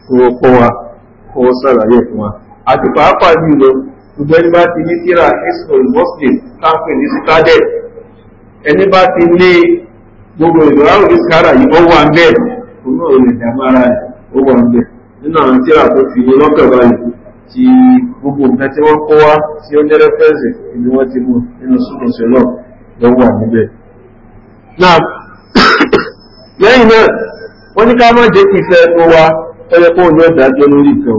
kó kọ́ wa kó sàlàyé fún wa àti pàápàá ní ìlọ́kù gbogbo ẹni bá ti ní síra israel muslim káfíń ní citadel ẹni bá ti ní gbogbo ìdọ̀rọ̀ ní sikara yìí ó wà ń bẹ́ẹ̀ kò náà lè dàmú ara rẹ̀ ó wà ń bẹ́ẹ̀ nínú àwọn tíra tó fi ní lọ́kàn báyìí ti gbogbo nǹkan tí wọ́n kó wá tí ó jẹ́rẹ́ fẹ́ẹ̀sì ni wọ́n ti mú nínú súnmọ̀sẹ̀ náà ló wà níbẹ̀. náà lẹ́yìn náà wọ́n ní ká má jẹ́ kí ìfẹ́ ẹ̀kọ́ wa ẹ̀yẹ kó ní ọ̀dà jẹ́ lórí ìfẹ́ ò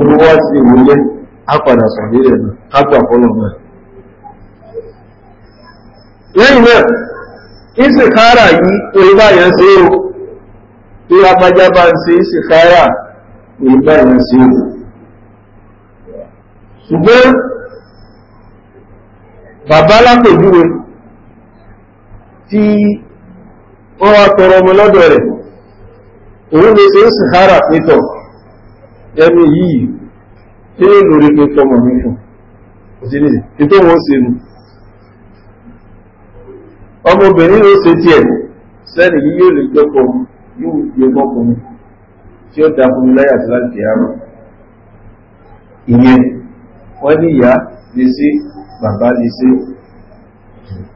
tó bó wá sí ìwúlé á padà sọ̀rí rẹ̀ náà kágbà fọ́lọ̀ náà lẹ́yìn náà ìsìkára yìí orí báyẹ̀ ń ṣe o tí lápájá bá ń ṣe ìsìkára orí báyẹ̀ ń ṣe o ṣùgbọ́n bàbá lápèjúwe tí wọ́n wá tọrọ ọmọ lọ́dọ̀ rẹ̀ òun lè ṣe ìsìkára nítọ̀ ẹni yìí tí ó lórí pé tọmọ mi fún òsìlẹ̀ ètò wọn ṣe nù ọmọbìnrin ló ṣe tiẹ̀ sẹ́ni yìí yóò lè jọ́pọ̀ yóò gbé mọ́kùnrin tí ó da fún mi láyà sí láti àárọ̀ ìyẹn wọ́n ní ìyá lè ṣe bàbá lè ṣe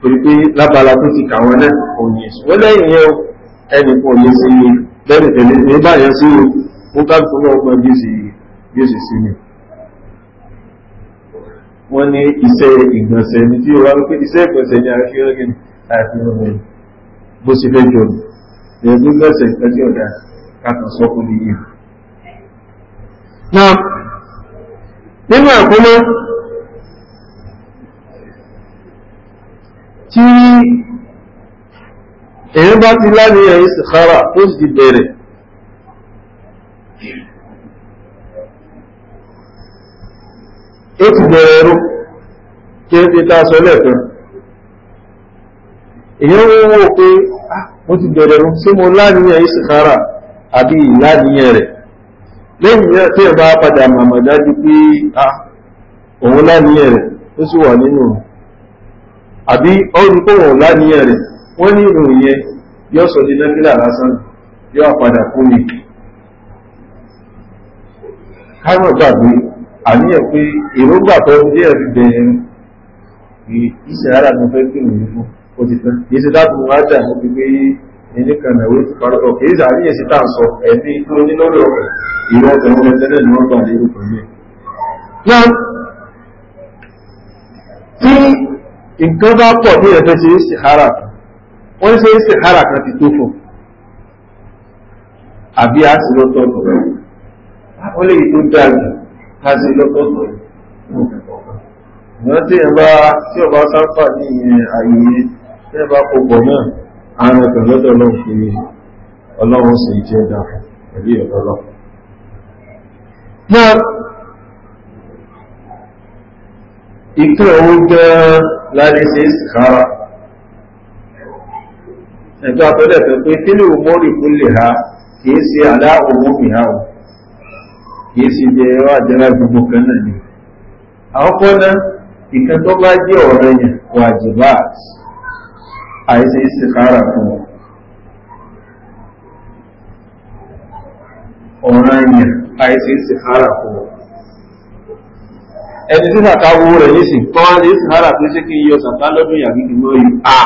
torí pé lábala tó ti kà wọn náà òye wọ́n lẹ́yìn yẹn ẹnì kan òye sí i lẹ́nu tẹ̀lé ní báyọ̀ sí i ó kálùkù lọ́wọ́ pẹ́ bí ó sì sí ni wọ́n ní iṣẹ́ ìgbọ̀nsẹ̀ ní tí ó wá wípé iṣẹ́ ìgbọ̀nsẹ̀ ní àrífí ọ̀gẹ́ àìfihàn rẹ̀ bó ṣe fẹ́ jọ ẹ̀rọ gbígbọ̀nsẹ̀ nǹkan ọ̀dà kàkàn sọ fún mi yìí. nínú àkúnlẹ̀ tí èyí bá ti láàrin ẹ̀yìn sàkárà tó sì bẹ̀rẹ̀ ó ti bẹ̀rẹ̀ ẹrú kí é ti tá sọ lẹ́ẹ̀kan èyí ó wó pé ah, mo ti bẹ̀rẹ̀ ẹrú sí mo láníyàn ìsìkára àbí ìláníyàn rẹ̀ lẹ́yìn náà tí ẹ bá padà màmà dájú pé ah, òun láníyàn rẹ̀ ó sì wà nínú àbí tó wọ̀n rẹ̀ wọ́n ní di lásán yóò padà àníyàn pé èròǹgbà tó ń díẹ̀ fi bẹ̀rẹ̀ ìṣẹ̀ rárá ni mo fẹ́ kí òun mú ó ti tán kì í ṣe dáàbò wọn ájà mo fi gbé ẹni kan náà wéjì parọ́ ọ̀ kì í ṣe àníyàn sí tá sọ ẹ̀mí tó ní lọ́dọ̀ ìwọ ọ̀tẹ̀wọ̀n ẹ̀tẹ́lẹ̀ ni wọ́n gbà lérò pẹ̀lú ẹ̀. náà tí nǹkan bá pọ̀ ní ẹ̀fẹ́ ṣe é ṣe hárà wọ́n ṣe é ṣe hárà kan ti tó fún àbí àṣìlọ́tọ̀ ọ̀tọ̀ wọ́n lè tó dáa ká sí lọ́tọ̀ọ̀tọ̀ ìwọ́n tí ẹ̀ bá tí ọba sáfà ní ìyẹn àyè tí ẹ bá kópọ̀ náà ààrẹ pẹ̀lọ́dọ̀ ọlọ́run fi ọlọ́run sì jẹ́ dà pẹ̀lú ìrọ̀lọ́ náà ìpín owó gan-an láàrin sí ìsìkára ẹ̀gbẹ́ àtọ́lẹ̀ pẹ̀ pé kílù mọ́rì kú lè ha kìí sí àdá òmùmí ha kìí sì jẹ ẹwà àjẹ́lá gbogbo kan náà ni àkọ́kọ́ náà ìkan tó bá jẹ́ ọ̀rẹ́ yẹn wà jìbá àìsí ìsìkára fún ọ̀rẹ́ yẹn àìsí ìsìkára fún ẹni tí sàkà wo rẹ̀ nísìn tó wá ní ìsìkára tó ṣe kí yíyọ sàkà lọ́dún yàgì kì mọ́ yìí à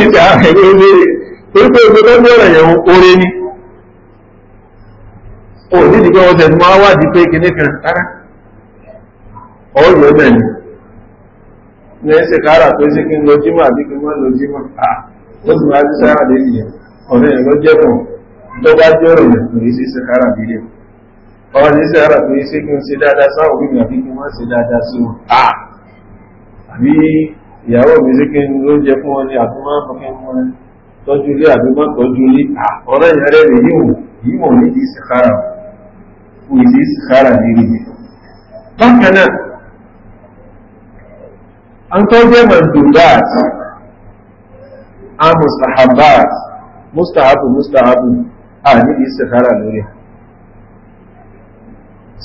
ìjà ẹgbẹ́ ìbéèrè torí pé ìgbẹ́ tó ń bẹ̀rẹ̀ yẹn oore ni o ní ìdíkọ́ ọ̀sẹ̀ tí wọ́n wà dípé kìíní kan rárá ọ̀rọ̀ náà ni ní ẹsẹ̀ kára pé sí kí n lọ jímọ̀ àbí kí n má lọ jímọ̀ à ó sì máa ti sára lé nìyẹn ọ̀rẹ́ ẹ̀ ló jẹ́ kan tó bá jẹ́ ọ̀rọ̀ yẹn kò ní sí sí kára bí lè ọ̀rọ̀ ní sára pé sí kí n ṣe dáadáa sáwọn òbí mi àbí kí n ṣe dáadáa sí wọn àbí ìyàwó mi sí kí n ló fún wọn ni àbí má tọ́jú ilé àbí má tọ́jú ilé ọ̀rẹ́ yẹn rẹ̀ yìí wò yìí wò ní with his káràdìrì bákan náà an tó jẹ́ mandubat a mustahabat mustahabu mustahabu a ní istikhara lórí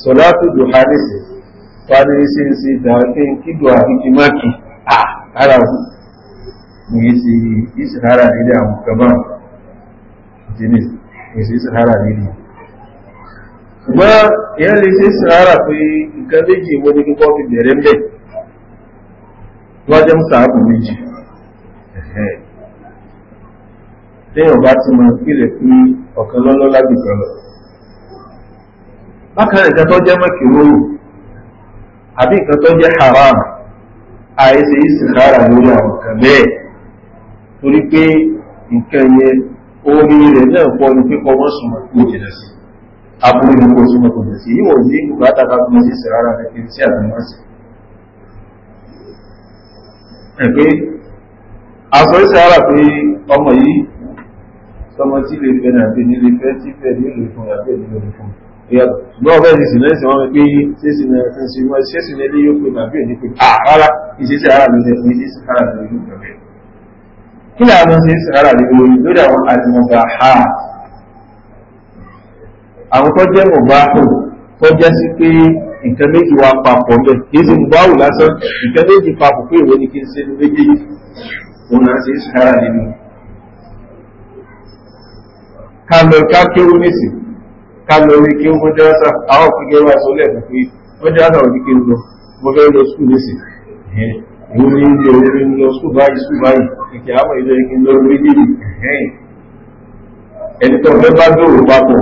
salatu duha nisi fani nisi nisi da kin kido a hikimaki a ara mu yi si istikhara ne da abu gaba jini mu yi si istikhara ne ṣùgbọ́n ya lè ṣe sàárà pé nǹkan méjì wo ni kíkọ́ fi bẹ̀rẹ̀ mbẹ̀ lọ́jọ́ sàárà ọba ti mọ̀ ìpìlẹ̀ pé ọ̀kan lọ́lọ́ lágbègbè lọ bákan nǹkan tó àbí tó haram àìsè ìsìkára lórí àwọn nǹkan bẹ́ẹ̀ torí pé yẹn náà ní kó aburú ní kò sí mọ̀kùnrin sí yíò ní bùkátà ká fún sí rárá kẹfẹ́ sí àtúnmọ́sí ẹ̀pẹ́ aṣọ ìṣẹ́ ara pé ọmọ yìí sọmọ tí lè fẹ́ náà ní lè fẹ́ tí fẹ́ ní ìlú fún àbẹ́ ìlú ìlú fún ìyàtọ̀ ṣùgbọ́n ọ̀fẹ́ ìsìn náà ìsìn wọn pé ṣéṣin náà ti ń sin wọn ṣéṣin ilé yóò pé tàbí òní pé à rárá ìṣẹ́ṣẹ́ ara ló jẹ́ ní ṣéṣin ara ló yóò kí àwọn tó jẹ́ mọ̀báhù tó jẹ́ sí pé nǹkan méjì wá papọ̀ mẹ́ kì í sì mọ̀báhù lásán nǹkan méjì papọ̀ pé ìwọ ni kí n ṣe ní méjèèjì òun náà ṣe sára nínú kálọ̀ ká kéwú nìsí kálọ̀ orí kéwú mọ́dásà àwọn òkúkẹ́ wá sọ lẹ́ẹ̀kan pé mọ́dásà òní kéwú lọ mo fẹ́ lọ skul nìsí ìwọ ni ilé orí ń lọ skul báyìí skul báyìí kìkì àwọn ìjọ ìkìn lọ méjèèjì ẹni tó fẹ́ bá dòrò papọ̀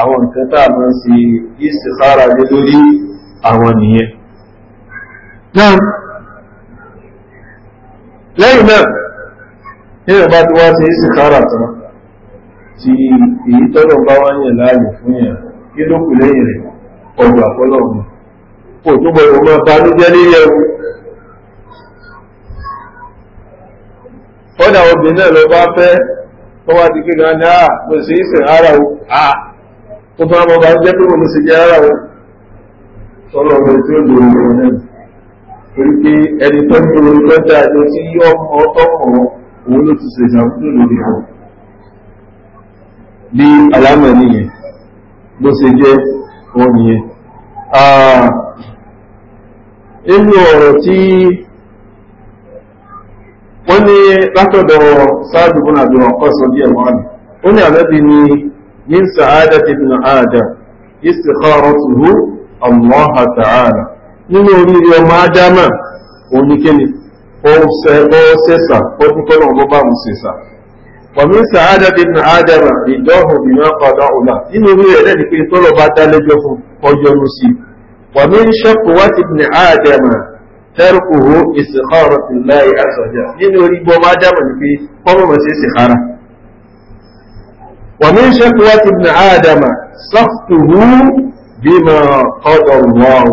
àwọn nǹkan tá a máa ń ṣe istikhara lé lórí àwọn nìyẹn. náà lẹ́yìn náà ní ìbá tí wá ṣe istikhara tán tí èyí tọ́lọ̀ bá wá yàn láàyè fún yàn kí ló kù lẹ́yìn rẹ̀ ọ̀dọ̀ àfọlọ́ ọ̀hún kò tó gbọdọ̀ máa banújẹ́ nílé ẹ̀rù kọ́dà obìnrin náà lọ bá fẹ́ tọ́wá ti kí gan ni a ah, mo ṣe é sìn ara o a ah, ó bá mọ́ bá jẹ́ pé wọ́n sì jẹ́ ara wọn tọ́lọ̀ rẹ̀ tí ó lè rí wọn náà torí pé ẹni tó ní orí tó dáa jọ tí yọ ọkọ̀ tọ́kọ̀ òun ló ti ṣe lórí wọn bí alámọ̀ nìyẹn bó ṣe jẹ́ wọn nìyẹn ah, nínú ọ̀rọ̀ tí wọ́n ní látọ̀dọ̀ sáàdùbọ́n àbí ọ̀kọ́ sọ díẹ̀ wọ́n ní àbẹ́bí ni من سعادة ابن آدم استخارته الله تعالى nínú oríire ọmọ ádámà òun ni kíni ó sẹ́sà ó tún tọ́lọ̀ ọmọ bá mú sẹ́sà pàmí sàádà ibn ádámà ìdọ́hùn bima qada ọ̀la nínú oríire ẹ̀rẹ́ ni pé tọ́lọ̀ bá dá lẹ́jọ́ fún ọjọ́ ló sí pàmí shaqqawati ibn ádámà tarkuhu istikharatillah azza nínú oríire ọmọ ádámà ni pé kọ́mọ̀mọ̀ sí istikhara ومن شكوة ابن آدم سخطه بما قضى الله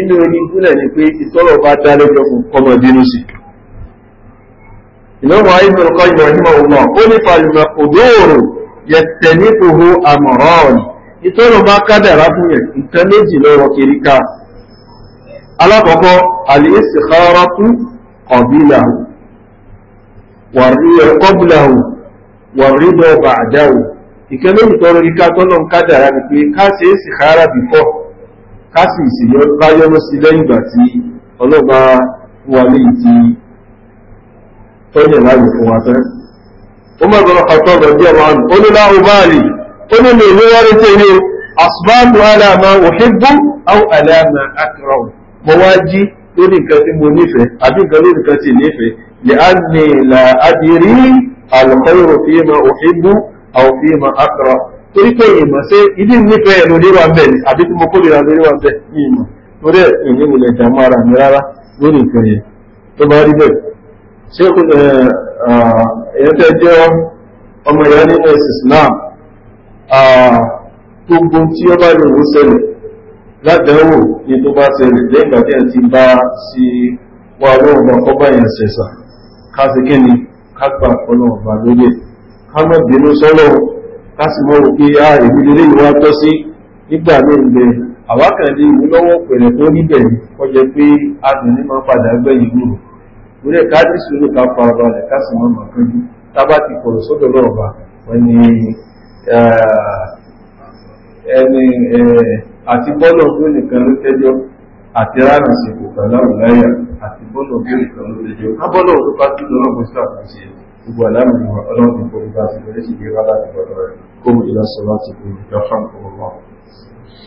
inú ẹni gúnlẹ̀ ni pé ìtọ́lọ̀ bá dá lẹ́jọ́ fún ọmọ ìbínú sí ìlọ́wọ́ ibn al-Qayyim rahimahullah ó ní fàlùmọ̀ òdóòrò yẹ̀tẹ̀ ní kòhó àmọ̀rọ̀ ọ̀nì ìtọ́lọ̀ bá kádàrá fún yẹn nǹkan méjì lọ́rọ̀ kiri ká alákọ̀ọ́kọ́ al-istikharatu qablahu wàrí ẹ̀kọ́bìlàhù wàrí bọ̀ ba'dahu ìkẹ́ lórí tọrọ yíká tọ́lọ̀ ń kádàrá ni pé ká ṣe é sì kára bìfọ́ ká sì sì báyọ́rọ́ sí lẹ́yìn ìgbà tí ọlọ́ba fún wa léyìí ti tọ́lẹ̀ láàyè fún wa tán ó má gbọ́dọ̀ pàtó ọ̀dọ̀ díẹ̀ wọn ó ní láwọn báàlì ó ní mi ní wọ́n rétí ní asùmáàmù aláàmà òhìnbó àwọn aláàmà akọrọ̀ mo wá jí lórí nǹkan tí mo nífẹ̀ẹ́ àbí nǹkan lórí nǹkan tí nífẹ̀ẹ́ lè á ní ìlà àwọn fi mọ akọrọ torí pé ìmọ̀ ṣe ilé nífẹ̀ẹ́ ẹ̀ lórí wa bẹ́ẹ̀ ni àbí tí mo kórìíra lórí wa bẹ́ẹ̀ ní ìmọ̀ lórí ẹ̀yìn ìwòlẹ̀ ìdààmú ara mi rárá lórí nǹkan yẹn tó bá rí bẹ́ẹ̀ ṣé èèyàn tẹ́ jẹ́ ọmọ ìyá nínú ẹ̀sìn Islam gbogbo tí ó bá lè wó ṣẹlẹ̀ ládẹ́wò ní tó bá ṣẹlẹ̀ lẹ́yìn ìgbà tí ẹ̀ ti bá sí wa lọ́wọ́ ọba kọ́ báyẹn ṣẹ̀ṣà ká ni ká gbà ọlọ́wọ́ kámọ̀ bínú sọ́lọ̀ láti mọ́ òkè a ìwúlélé ìwá tọ́ sí nígbà ní ilẹ̀ àwákàndé ìwúlọ́wọ́ pẹ̀lẹ̀ tó níbẹ̀ kọjẹ pé adùnní máa padà gbẹ̀yìn rú orí ẹ̀ká ní sùúrù ká fara balẹ̀ ká sì máa màkánjú tábà ti kọ̀rọ̀ sọ́dọ̀ lọ́ọ̀bà ẹni ẹni àti bọ́lọ̀ tó nìkan ló tẹ́jọ́ àti rárá sí kò kà láwùláyà àti bọ́lọ̀ tó nìkan ló tẹ́jọ́ ká bọ́lọ̀ tó bá kí lọ́rọ̀ bó sí àkànṣe gbogbo aláàmì ọlọ́run kò bá ti bẹ̀rẹ̀ sí gbé rárá ìgbọ̀dọ̀ rẹ̀ kó mú ìlọsọ̀rọ̀ àti kò lọ́fà kò wọ́n.